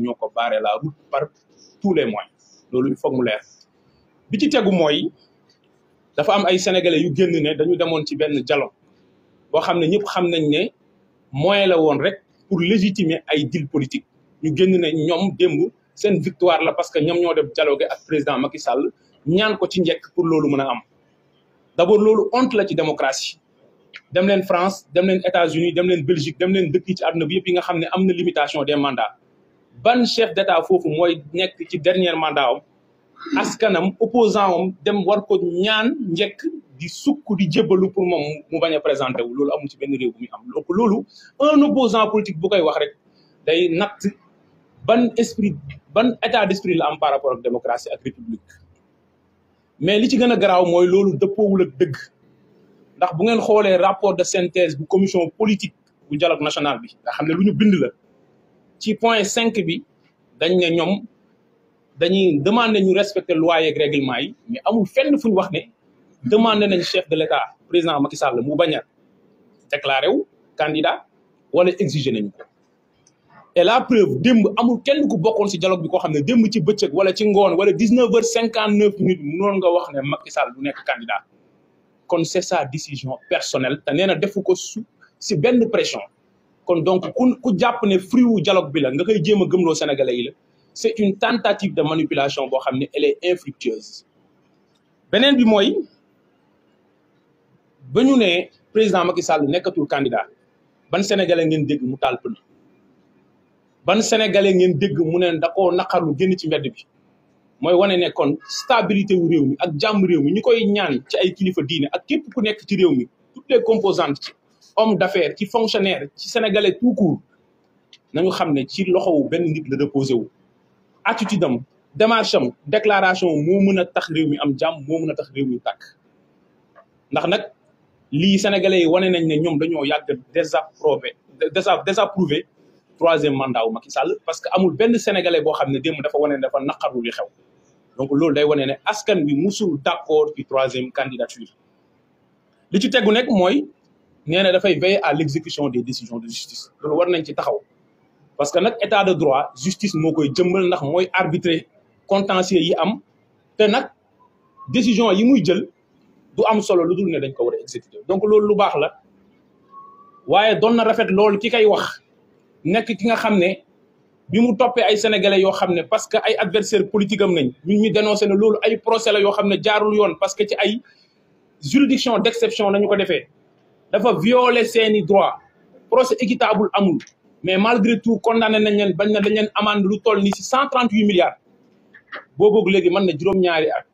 ñoo ko barré la par tous les moyens loolu il faut mu leer bi ci tegu mooy dafa am ay sénégalais yu génn ne dañu demoon ci benn dialogue boo xam ne ñëpp xam nañ ne moyen la woon rek pour légitimer ay deal politique ñu génn ne ñoom démb seen victoire la parce que ñoom ñoo def dialogue ak président Macky Sall ñaan ko ci njekk pour loolu mën a am d'abord loolu honte la ci démocratie dem leen France dem leen États-Unis dem leen Belgique dem leen dëkk yi ci àdduna bi yëpp yi nga xam ne am na limitation des mandats ban chef d'état foofu mooy nekk ci dernier mandat am askanam opposant am dem war ko ñaan njëkk di sukk di jëbalu pour moom mu bañ a présenté wu loolu amul ci benn réew bu muy am loolu un opposant politique bu koy wax rek day natt ban esprit ban état d'esprit la am par rapport ak démocratie ak république mais li ci gën a garaaw mooy loolu dëppoowul ak dëgg ndax bu ngeen xoolee rapport de synthèse bu commission politique bu dialogue national bi nga xam ne lu ñu bind la ci point cinq bi dañ ne ñoom dañuy demandé ñu respecter loi yeeg règlement yi mais amul fenn fu wax ne demandé nañ chef de l' président Macky Sall mu bañ a déclaré wu candidat wala exiger nañ ko. et la preuve démb amul kenn ku bokkoon si dialogue bi koo xam ne démb ci bëccëg wala ci ngoon wala dix neuf heures cinquante neuf minutes mënoon nga wax ne Macky Sall du nekk candidat kon c' est sa décision personnelle te nee na defu ko su si benn pression. kon donc ku ku jàpp ne friwu wu bi la nga koy jéem a gëmloo sénégalais yi la c' est une tentative de manipulation boo xam ne elle est infructueuse beneen bi mooy ba ñu ne président Macky Sall nekkatul candidat ban sénégalais ngeen dégg mu taal ban sénégalais ngeen dégg mu ne da koo naqarlu génn ci mbedd bi mooy wane ne kon stabilité wu réew mi ak jàmm réew mi ñu koy ñaan ci ay kilifa diine ak képp ku nekk ci réew mi tout les composantes homme d'affaires ci fonctionnaire ci sénégalais tout court nañu xam ne ci loxowu benn nit la reposé wu attitude am démarche am déclaration moo mën a tax réew mi am jàmm moo mën a tax réew mi tàkk ndax nag lii sénégalais yi wane nañ ne ñoom dañoo yàgg désapprouvé désapprouvé troisième mandat wu ki Sall parce que amul benn sénégalais boo xam ne démb dafa wane ne dafa naqaru li xew donc loolu day wane ne askan wi musul d'accord ci troisième candidature li ci tegu nekk mooy nee na dafay veiller à l'exécution des décisions de justice loolu war nañ ci taxaw parce que nag état de droit justice moo koy jëmmal ndax mooy arbitrer contentieux yi am te nag décision yi muy jël du am solo lu dul ne dañ ko war a exécuter donc loolu lu baax la waaye doon na rafet loolu ki kay wax nekk ki nga xam ne bi mu toppee ay sénégalais yoo xam ne parce que ay adversaire politique am nañ ñun ñu dénoncé ne loolu ay procès la yoo xam ne jaarul yoon parce que ci ay juridiction d'exception nañu ko defee dafa violer seeni droit procès équitable amul mais malgré tout condamné nañ leen bañ na dañ leen amende lu toll ni si cent trente huit milliards boo bëgg léegi mën na juróom-ñaari at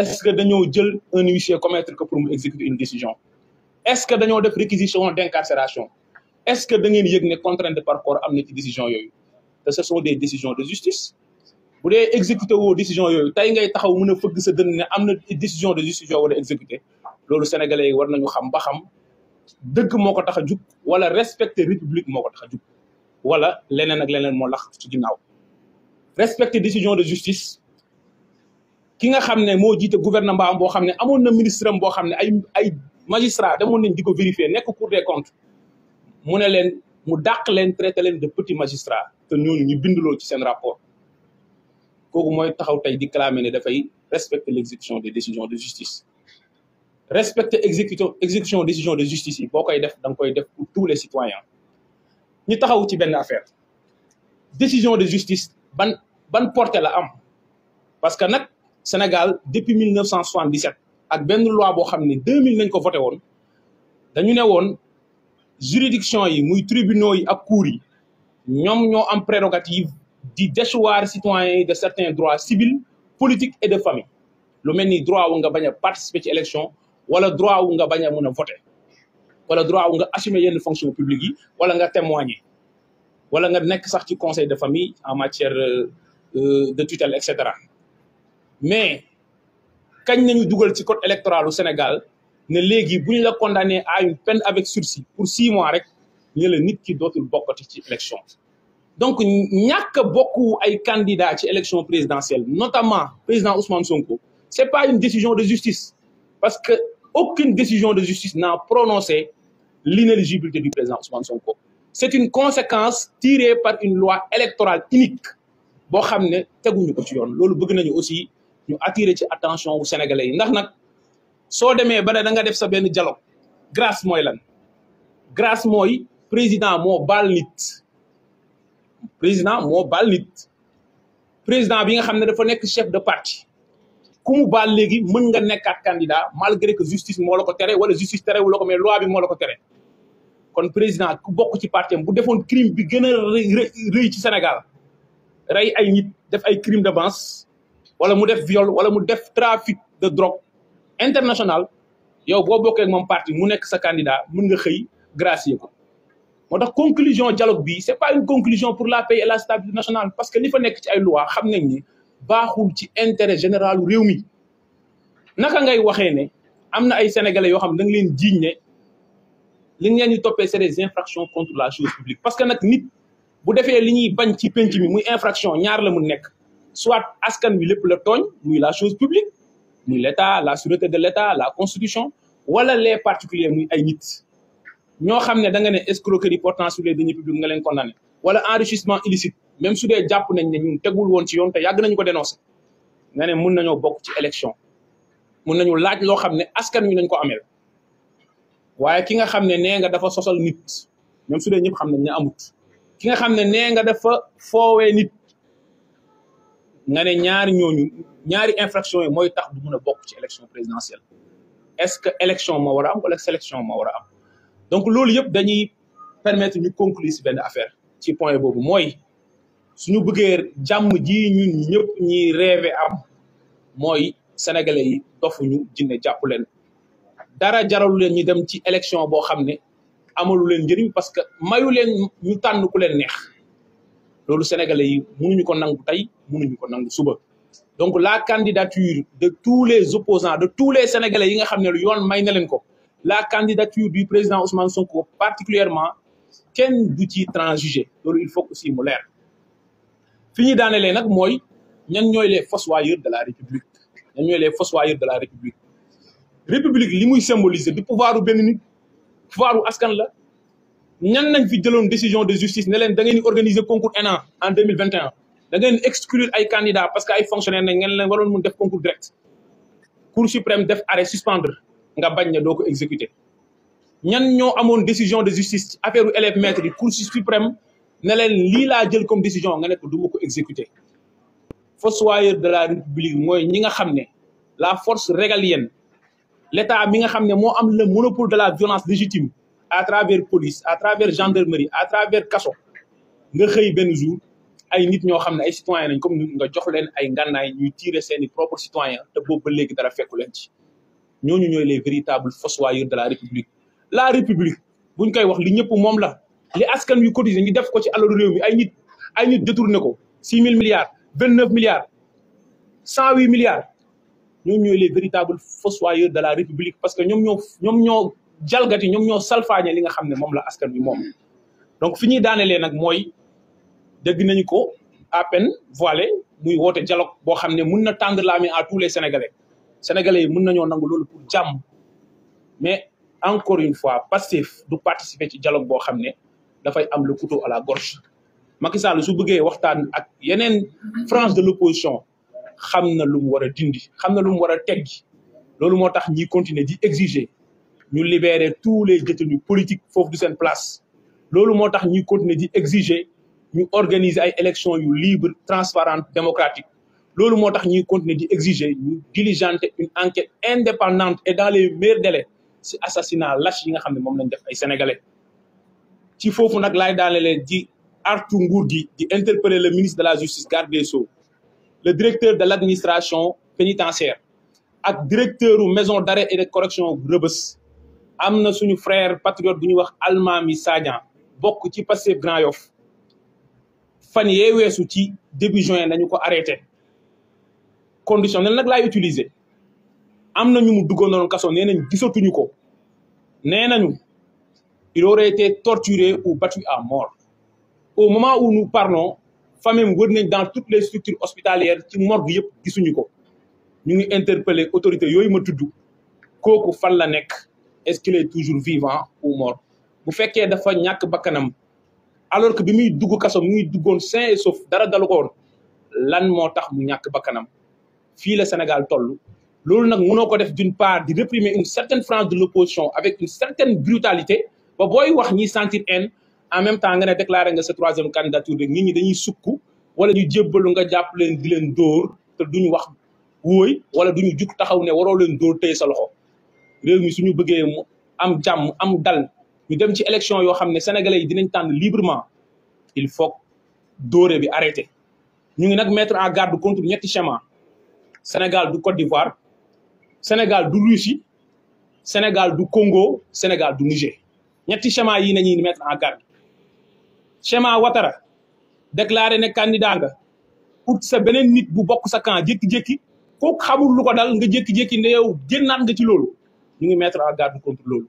est-ce que dañoo jël un huissier commettre que pour mu exécuter une décision est-ce que dañoo def réquisition d'incarcération est-ce que da ngeen yëg ne contrainte par corps am na ci décision yooyu te ce sont des décisions de justice bu dee exécuté woo décision yooyu tey ngay taxaw mën a fëgg sa dënn ne am na décision de justice yoo war loolu sénégalais yi war nañu xam ba xam dëgg moo ko tax a jug wala respecter république moo ko tax wala leneen ak leneen moo lax ci ginnaaw respecter décision de justice ki nga xam ne moo jiite gouvernement am boo xam ne amoon na ministre am boo xam ne ay ay magistrat demoon nañ di ko vérifier nekk cour des comptes mu ne leen mu dàq leen traité leen de petit magistrat te ñooñu ñu binduloo ci seen rapport kooku mooy taxaw tey di clamer ne dafay respecter l'exécution des décisions de justice respecter exécution exécution décision de justice yi boo koy def danga koy def pour tous les citoyens ñu taxaw ci benn affaire décision de justice ban ban portée la am parce que nag Sénégal depuis 1977 ak benn loi boo xam ne 2000 lañ ko voté woon dañu ne woon juridiction yi muy tribunaux yi ak cour yi ñoom ñoo am prérogative di déchoir citoyens yi de certains droits civils politiques et de famille lu mel ni droit wu nga bañ a participer ci élection wala droit wu nga bañ a mën a wala droit wu nga assumer yenn fonction publique yi wala nga témoigner wala nga nekk sax ci conseil de famille en matière euh, euh, de tutelle et cetera mais kañ nañu dugal ci code électoral u Sénégal ne léegi bu ñu la condamné à une peine avec sursis pour six mois rek ñu la nit ki dootul bokkati ci élection donc ñàkk a bokku ay candidat ci élection présidentielle notamment président Ousmane Sonko c'est pas une décision de justice aucune décision de justice n'a prononcé l'inéligibilité du président Ousmane ko C'est une conséquence tirée par une loi électorale unique. boo xam ne teguñu ko ci yoon loolu bëgg nañu aussi ñu attirer ci attention wu sénégalais yi ndax nag soo demee ba ne da nga def sa benn dialogue grâce mooy lan grace mooy président moo baal nit président moo baal nit président bi nga xam ne dafa nekk chef de parti ku mu baal léegi mën nga nekkaat candidat malgré que justice moo la ko tere wala justice terewul la ko mais loi bi moo la tere kon président ku bokk ci parti bu defoon crime bi gën a rëy ci Sénégal rey ay nit def ay crime de masse wala mu def viol wala mu def trafic de drogue international yow boo bokkee ak moom parti mu nekk sa candidat mën nga xëy gracier ko moo tax conclusion dialogue bi c'est pas une conclusion pour la paix et la stabilité nationale parce que li fa nekk ci ay loi xam nañ ni baaxul ci intéret général réew mi naka ngay waxee ne am na ay sénégalais yoo xam ne da nga leen jiiñ ne li ngeen ñu toppee c'est des infractions contre la chose publique parce que nag nit bu defee li ñuy bañ ci penc mi muy infraction ñaar la mu nekk soit askan wi lép la tooñ muy la chose publique muy l'État la sûreté de l'État la constitution wala les particuliers muy ay nit ñoo xam ne da nga ne escroquerie portant sur les deniers publics nga leen condamné wala enrichissement illicite même su dee jàpp nañ ne tegul woon ci yoon te yàgg nañu ko dénoncé nga ne mun nañoo bokk ci élection mun nañu laaj loo xam ne askan wi nañ ko ameel waaye ki nga xam ne nee nga dafa sosal nit même su dee ñëpp xam ne ne amut ki nga xam ne nee nga dafa foowee nit nga ne ñaari ñooñu ñaari infraction yi mooy tax du mun a bokk ci élection présidentielle est-ce que élection moo war am wala sélection moo wara am donc loolu yëpp dañuy permettre ñu conclure si benn affaire ci point boobu mooy suñu bëggee jàmm ji ñu ñëpp ñi rêvé am mooy sénégalais yi dofuñu jinne jàpp leen dara jaralu leen ñu dem ci élection boo xam ne amalu leen njëriñ parce que mayu leen ñu tànn ku leen neex loolu sénégalais yi mënuñu ko nangu tey mënuñu ko nangu suba donc la candidature de tous les opposants de tous les sénégalais yi nga xam ne yoon may na leen ko la candidature du président Ousmane Sonko particulièrement kenn du ci transjugé loolu il faut aussi mu leer fi ñuy daanelee nag mooy ñan ñooy les fossoyeurs de la république ñan ñooy les fossoyeurs de la république république li muy symboliser du pouvoiru benn nit pouvoiru askan la ñan nañ fi jëloon décision de justice ne leen da ngeen di organiser concours ENA en deux mille vingt et un da ngeen exclure ay candidats parce que ay fonctionnaires nañ ngeen leen waroon mun def concours direct cour suprême def arrêt suspendre nga bañ ne doo ko exécuter ñan ñoo amoon décision de justice ci affaire élève maître yi cour suprême ne leen lii laa jël comme décision nga ne ko du ma ko exécuter fossoyeur de la république mooy ñi nga xam ne la force régalienne l'état mi nga xam ne moo am le monopole de la violence légitime à travers police à travers gendarmerie à travers kasso nga xëy benn jour ay nit ñoo xam ne ay citoyens lañ comme nga jox leen ay ngànnaay ñuy tirer seeni propres citoyens te boobu ba léegi dara fekku leen ci ñooñu ñooy les véritables fossoyeurs de la république la république buñ koy wax li ñëpp moom la li askan yu cotisé ñu def ko ci alalu réew mi ay nit ay nit détourné ko six mille milliards vingt neuf milliards cent huit milliards ñoom ñooy les véritables fossoyeurs de la république parce que ñoom ñoo ñoom ñoo jalgati ñoom ñoo salfaañe li nga xam ne moom la askan wi moom donc fi ñuy daanelee nag mooy dégg nañ ko à peine voilé muy woote dialogue boo xam ne mun na tendre la main à tous les sénégalais sénégalais yi mun nañoo nangu loolu pour jàmm mais encore une fois Pastef du participer ci dialogue boo xam ne dafay am le couteau à la gorge Macky Sall su bëggee waxtaan ak yeneen frange de l'opposition xam na lu mu war a dindi xam na lu mu war a teggi loolu moo tax ñiy continuer di exiger ñu liberee tous les détenus politiques foofu du seen place loolu moo tax ñuy continuer di exiger ñu organiser ay élections yu libre transparente démocratique loolu moo tax ñuy continuer di exiger ñu diligenter une enquête indépendante et dans les meilleurs délais ci assassinat lâche yi nga xam ne moom lañ def ay sénégalais ci foofu nag laay daane leen ji artu nguur gi di interpeller le ministre de la justice garde des sceaux le directeur de l' administration pénitentiaire ak directeur u maison d' arrêt et de correction Rebeuss am na suñu frère patriote bu ñuy wax mi Sadian bokk ci Pastef Grand Yoff fan yee weesu ci début juin nañu ko arrêté conditionnel nag laay utiliser am na ñu mu duggoon noonu kaso nee nañ gisatuñu ko nee nañu il aurait été torturé ou battu à mort au moment où nous parlons famille wër nañ dans toutes les structures hospitalières ci morgue yëpp gisuñu ko ñu ngi interpellé autorité yooyu ma tudd kooku fan la nekk est-ce qu'il est toujours vivant ou mort bu fekkee dafa ñàkk bakkanam alors que bi muy dugg kaso mu ngi duggoon sain et sauf dara dalu ko lan moo tax mu ñàkk bakkanam fii la Sénégal toll loolu nag mënoo ko def d'une part di réprimer une certaine frange de l'opposition avec une certaine brutalité ba booy wax ñi sentir haine en même temps nga ne déclaré nga sa troisième candidature rek nit ñi dañuy sukk wala ñu jébbalu nga jàpp leen di leen dóor te duñu wax wóoy wala duñu jug taxaw ne waroo leen dóor tey sa loxo réew mi suñu bëggee mu am jàmm am dal ñu dem ci élection yoo xam ne sénégalais yi dinañ tànn librement il faut dóore bi arrêté ñu ngi nag mettre en garde contre ñetti chemin Sénégal du Côte d'Ivoire Sénégal du Russie Sénégal du Congo Sénégal du Niger ñetti schéma yi nañuy mettre en garde schéma Ouattara déclaré ne candidat nga pour sa beneen nit bu bokk sa camp jékki-jékki kooku xamul lu ko dal nga jékki-jékki ne yow génnaat nga ci loolu ñu ngi mettre en garde contre loolu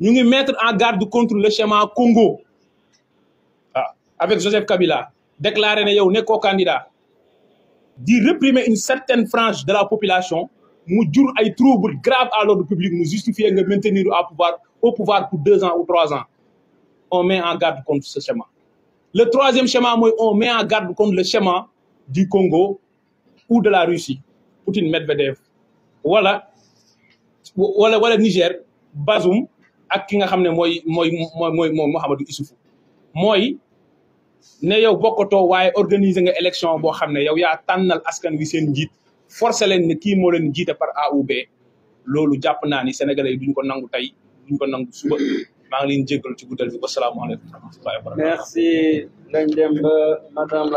ñu ngi mettre en garde contre le schéma Congo ah avec Joseph Kabila déclaré ne yow nekkoo candidat di réprimer une certaine frange de la population mu jur ay troubles graves à l'ordre public mu justifier nga maintenir à pouvoir au pouvoir pour deux ans ou trois ans on mais en garde comme ce schéma le troisième schéma mooy on mais en garde contre le schéma du Congo ou de la Russie Poutine Medvedev wala wala wala Niger basoum ak ki nga xam ne mooy mooy mooy mooy Mouhamadou Issoufou mooy ne yow bokkatoo waaye organiser nga élection boo xam ne yow yaa tànnal askan wi seen njiit force leen ne kii moo leen jiite par A ou loolu jàpp naa ni sénégalais yi duñ ko nangu tey duñ ko nangu suba maa ngi leen jégalu ci guddal bi wasalaamaaleykum wa rahmatullahi wa barakatuh merci nañ dem madame la